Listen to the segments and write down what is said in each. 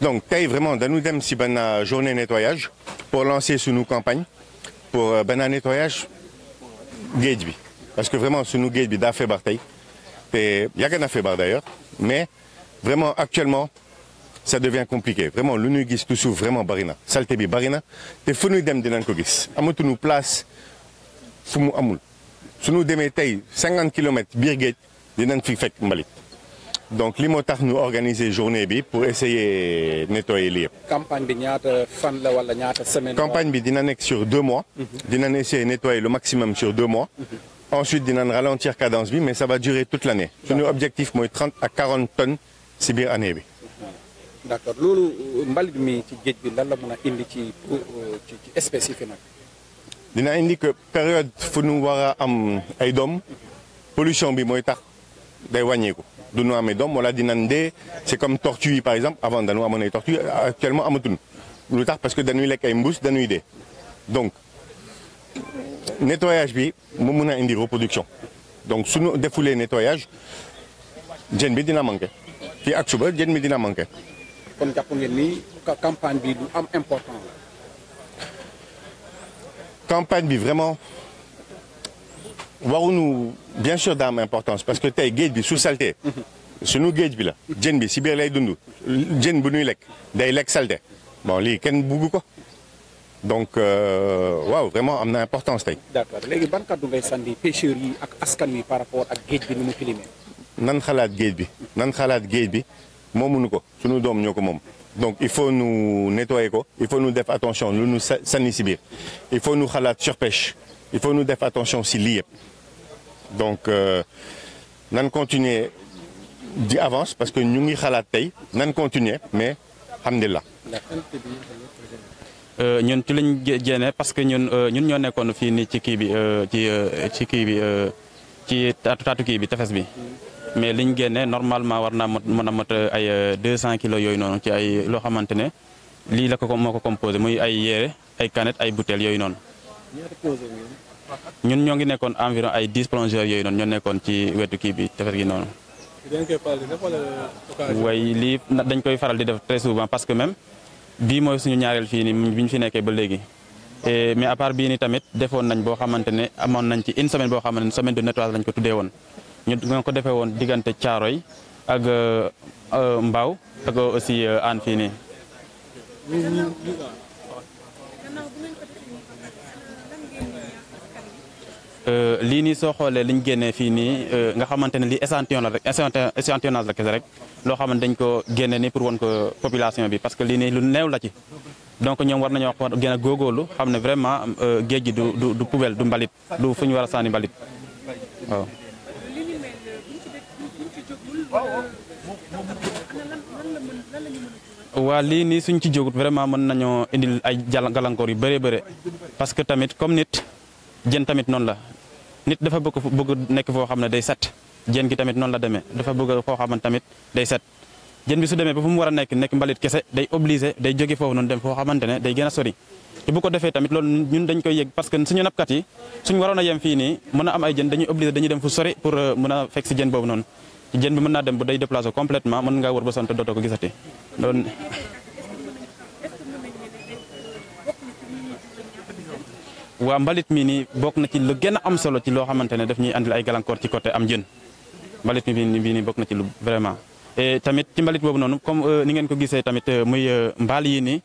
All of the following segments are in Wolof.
Donc, tay vraiment, nous avons une journée nettoyage pour lancer sur nos campagnes, pour un euh, nettoyage Gédbi. Parce que vraiment, sur nous Gédbi, d'affaires Bartay, il n'y a qu'un affaire d'ailleurs, mais vraiment, actuellement, ça devient compliqué. Vraiment, le nous tout sous vraiment barina. Saleté bi barina, te faut nous dem de nankogis. faire. nous place, fumu amoul. Sur nous taille 50 km birget de nan fi donc Limotar nous tax ñu organiser journée bi pour essayer nettoyer l'île. campagne bi la campagne sur deux mois. Mhm. dinañ essayer nettoyer le maximum sur deux mois. Mhm. ensuite dinañ ralentir cadence mais ça va durer toute l'année. Notre objectif moi, 30 à 40 tonnes si année bi. Mhm. D'accord. Lolo, loolu euh, mbalit mi ci géej On a indiqué euh, ci ci dina que période faut nous voir à am ay pollution bi day wàññeeku du nu amee doom wala c'est comme tortue par exemple avant d'aller à ay tortue actuellement amatuñ lu tard, parce que dañuy lekk ay mbuus dañuy donc nettoyage bi nous mun indi reproduction donc suñu defulee nettoyage jën bi dina manqué fii ak suba jën bi dina manqué. kon jàpp ngeen ni campagne bi du am important campagne bi vraiment waruñu bien sûr daa am importance parce que tey géej bi su salté suñu géej bi la jën bi si biir lay dund jën bu ñuy lekk day lekk salté bon lii kenn bugg ko donc euh, waaw vraiment am na importance tey. d'accord léegi ban kàddu ngay sànni pêcheurs ak askan wi par rapport ak géej bi nous mu tilimee. nan xalaat géej bi nan xalaat géej bi moomuñu ko suñu doom ñoo ko moom. donc il faut nous nettoyer ko. il faut nous faire attention nous nu sànni si il faut nu xalaat surpêche il faut nous faire attention si lii donc euh, nan continuer d'avance parce que ñu ngi la taille, nan continuer mais Nous euh, ñun ci les génnee parce que ñun euh, ñun ñoo nekkoon fii nii ci kii bi ci ci kii bi ci taatu qui bi tefes bi mais liñ génné normalement warna naa mën a ay 200 kilos yoy non ci ay lo xamante li la ko moo ko composé muy ay yéré ay canette ay bouteilles yoy non. ñun ñoo ngi nekkoon environ ay dix plongeurs yooyu noonu ñoo nekkoon ci wetu kii bi tefes gi noonu. way lii dañ koy faral di def très souvent parce que même bii mooy suñu ñaareel fii ni bi fi nekkee ba léegi. et mais à part bii ni tamit defoon nañ boo xamante ne amoon nañ ci une semaine boo xamante ne semaine de nettoyage lañ ko tuddee woon. ñu nga ko defee woon diggante Caaroy ak euh, euh, Mbaaw ak aussi aan euh, fii Euh, lii nii soo xoolee liñ génnee fii nii euh, nga xamante ne lii échantillon la rek échantillonnage la kese rek loo xamante dañ ko génne nii pour won ko population bi parce que lii lu neew la ci donc ñoom war nañoo wax gën a góorgóorlu xam ne vraiment euh, géej gi du du du poubelle du mbalit du fu ñu war a sànni mbalit waa lii nii suñ ci jógut vraiment mën nañoo indil ay jàll yu bëree bëri parce que tamit comme nit jën tamit noonu la nit dafa bëgg bëgg nekk foo xam ne day set jën gi tamit noonu la demee dafa bëgg foo xam tamit day set jën bi su demee ba fu mu war nekk nekk mbalit kese day obligé day jóge foofu noonu dem foo xamante ne day gën sori te ko defee tamit loolu ñun dañ koy yëg parce que suñu nappkat yi suñ waroon a yem fii nii mën a am ay jën dañuy obligé dañuy dem fu sori pour euh, mën a fekk si jën boobu noonu jën bi mën naa dem bu day déplacé complètement mën ngaa waa mbalit mi ni bokk na ci lu gën a am solo ci loo xamante ne daf ñuy andil ay gàllankoor ci côté am jën mbalit mi bii nii bokk na ci lu vraiment. et tamit ci mbalit boobu noonu comme euh, ni ngeen ko gisee tamit euh, muy euh, mbaal yi nii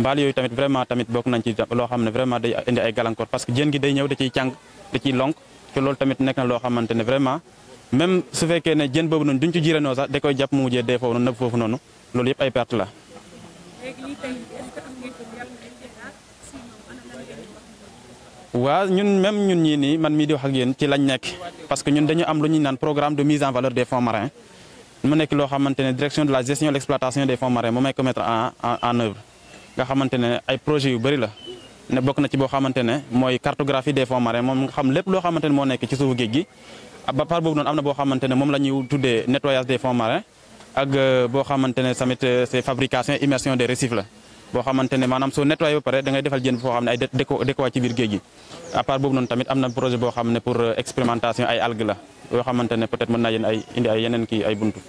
mbaal yooyu tamit vraiment tamit bokk nañ ci loo xam ne vraiment day indi ay gàllankoor parce que jën gi day ñëw da ciy càng da ciy lonk te loolu tamit nekk na loo xamante ne vraiment. même su fekkee ne jën boobu noonu duñ ci jiiranoo sax da koy jàpp mu mujjee dee foofu noonu nëb noonu loolu yëpp ay la. waaw ñun même ñun ñii nii man mii di wax ak yéen ci lañ nekk parce que ñun dañu am lu programme de mise en valeur des fonds marins mu nekk loo xamante ne direction de la gestion et l'exploitation des fonds marins moom may ko mettre en en œuvre nga xamante ne ay projet yu bëri la ne bokk na ci boo maintenir ne cartographie des fonds marins moom nga xam lépp loo maintenir ne moo nekk ci suufu géej gi ah, ba par boobu noonu am na boo xamante ne moom nettoyage des fonds marins ak euh, boo xamante ne euh, fabrication immersion des récifs la boo xamante ne maanaam soo nettoyé ba pare da ngay defal jën foo xam ne ay déco ci biir géej part boobu noonu tamit am na projet boo xam ne pour euh, expérimentation ay algues la yoo xamante ne peut-être mën naa yéen ay indi ay yeneen kii ay buntu